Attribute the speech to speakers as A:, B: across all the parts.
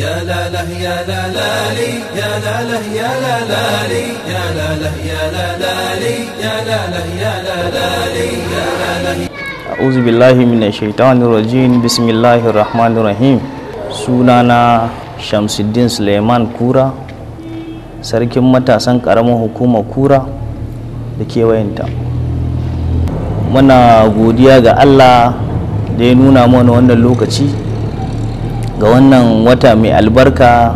A: يا لا له يا لا لا لي يا لا له يا لا لا لي يا لا له يا لا لا لي يا لا له يا لا لا لي sunana shamsuddin suleiman kura sarkin matasan ƙaramin hukumar kura da kewayenta muna godiya ga allah da ya nuna mana wannan lokaci ga wannan wata mai albarka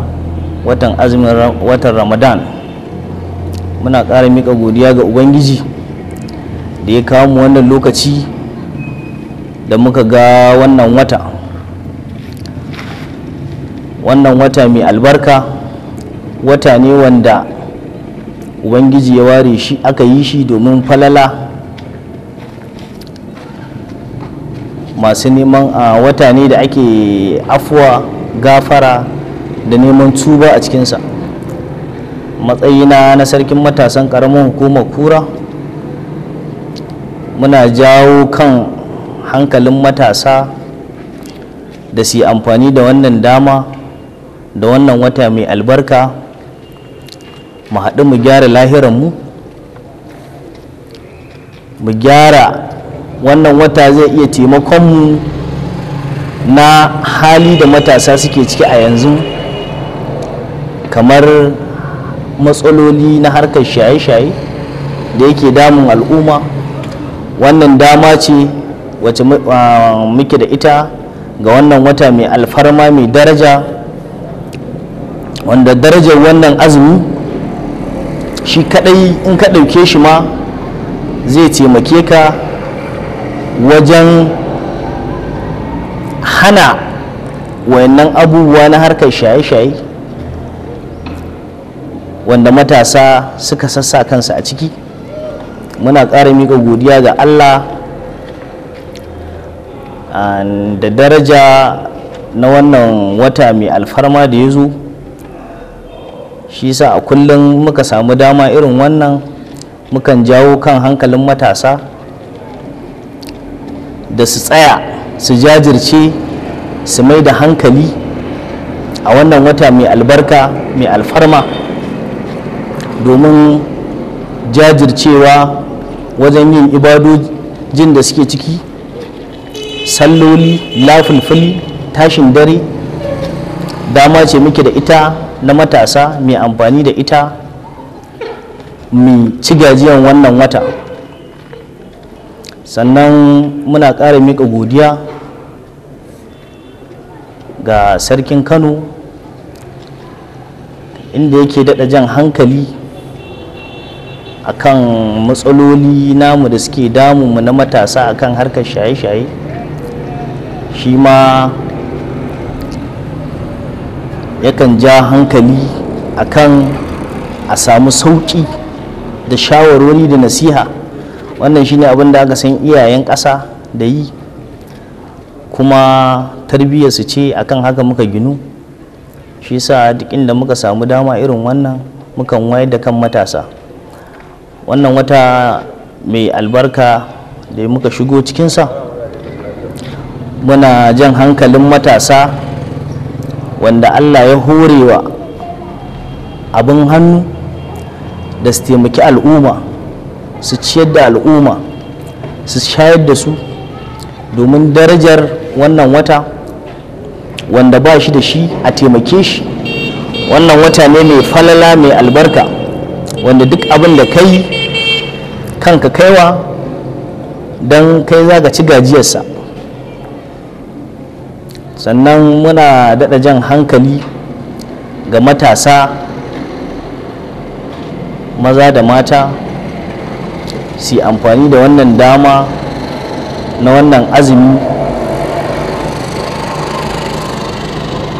A: watan azumin watan ramadan muna ƙara mika godiya ga ubangiji da ya kawo mu wannan lokaci da muka ga wannan wata wannan wata mai albarka wata ne wanda ubangiji ya ware shi aka yi shi domin falala masu neman a wata ne da ake afuwa gafara da neman tuba a cikinsa matsayina na sarkin matasan ƙaramin hukumar kura muna jawo kan hankalin matasa da su amfani da wannan dama da wannan wata mai albarka mu haɗu mu gyara lahiranmu mu gyara wannan wata zai iya taimakon mu na hali da matasa suke ciki a yanzu kamar matsaloli na harkar shaye-shaye da yake damun al'umma wannan dama ce wacce ah, muke da ita ga wannan wata mai alfarma mai daraja wanda darajar wannan azumi shi kadai in ka dauke shi ma zai taimake ka wajen hana wayannan abubuwa na harkar shaye-shaye wanda matasa suka sassa kansu a ciki muna ƙara miƙa godiya ga allah da daraja na wannan wata mai alfarma da ya zo shi sa a kullum muka samu dama irin wannan mukan jawo kan hankalin matasa da su tsaya su jajirce su mai da hankali a wannan wata mai albarka mai alfarma domin jajircewa wajen yin ibadojin da suke ciki salloli lafulfuli tashin dare dama ce muke da ita na matasa mai amfani da ita mai ci gajiyan wannan wata sannan muna ƙara miƙa godiya ga sarkin kano inda yake daɗa jan hankali akan matsaloli namu da suke damunmu na matasa akan harkar shaye-shaye shi ma yakan ja hankali akan a samu sauƙi da shawarwari da nasiha wannan shine abin da aka san iyayen ƙasa da yi kuma tarbiyyarsu ce akan haka muka ginu shi sa duk inda muka samu dama irin wannan mukan wayar da kan matasa wannan wata mai albarka da muka shigo cikinsa muna jan hankalin matasa wanda allah ya horewa abin hannu da su taimaki al'umma su ciyar da al'umma su shayar da su domin darajar wannan wata wanda ba shi da shi a taimake shi wannan wata ne mai falala mai albarka wanda duk abin da kai kanka kaiwa don kai za ka ci gajiyarsa sannan muna daɗa jan hankali ga matasa maza da mata su amfani da wannan dama na wannan azumi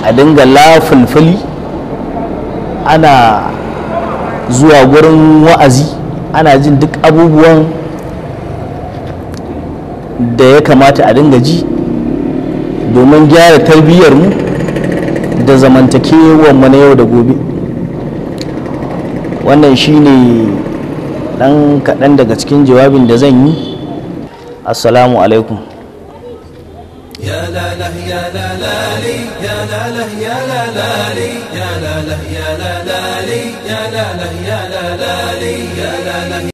A: a dinga lafulfuli ana zuwa gurin wa'azi ana jin duk abubuwan da ya kamata a dinga ji domin gyara tarbiyyarmu da zamantakewarmu na yau da gobe wannan shine dan kaɗan daga cikin jawabin da zan yi assalamu alaikum